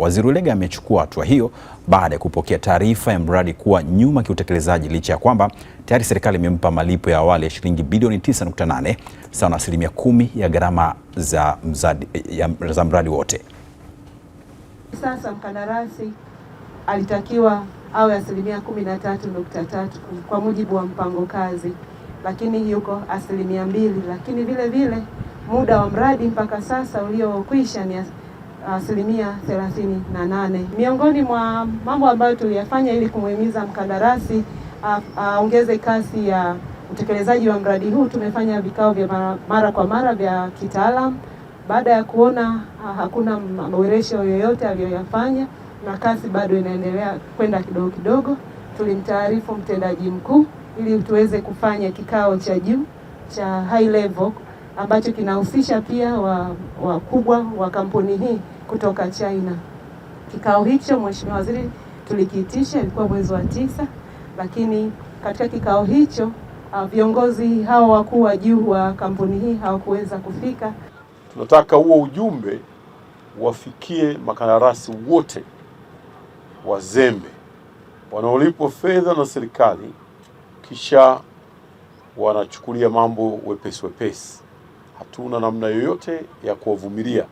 Waziri Ulega amechukua hatua hiyo baada ya kupokea taarifa ya mradi kuwa nyuma kiutekelezaji licha ya kwamba tayari serikali imempa malipo ya awali ya shilingi bilioni 9.8 sawa na asilimia kumi ya gharama za, za mradi wote. Sasa mkandarasi alitakiwa awe asilimia 13.3 kwa mujibu wa mpango kazi, lakini yuko asilimia mbili, lakini vile vile muda wa mradi mpaka sasa uliokwisha ni asilimia thelathini na nane. Miongoni mwa mambo ambayo tuliyafanya ili kumuhimiza mkandarasi aongeze kasi ya utekelezaji wa mradi huu, tumefanya vikao vya mara, mara kwa mara vya kitaalam baada ya kuona a, hakuna maboresho yoyote aliyoyafanya na kasi bado inaendelea kwenda kidogo kidogo, tulimtaarifu mtendaji mkuu ili tuweze kufanya kikao cha juu cha high level ambacho kinahusisha pia wakubwa wa, wa kampuni hii kutoka China. Kikao hicho Mheshimiwa Waziri tulikiitisha, ilikuwa mwezi wa tisa, lakini katika kikao hicho uh, viongozi hao wakuu wa juu wa kampuni hii hawakuweza kufika. Tunataka huo ujumbe wafikie makandarasi wote wazembe wanaolipwa fedha na serikali kisha wanachukulia mambo wepesi wepesi hatuna namna yoyote ya kuwavumilia.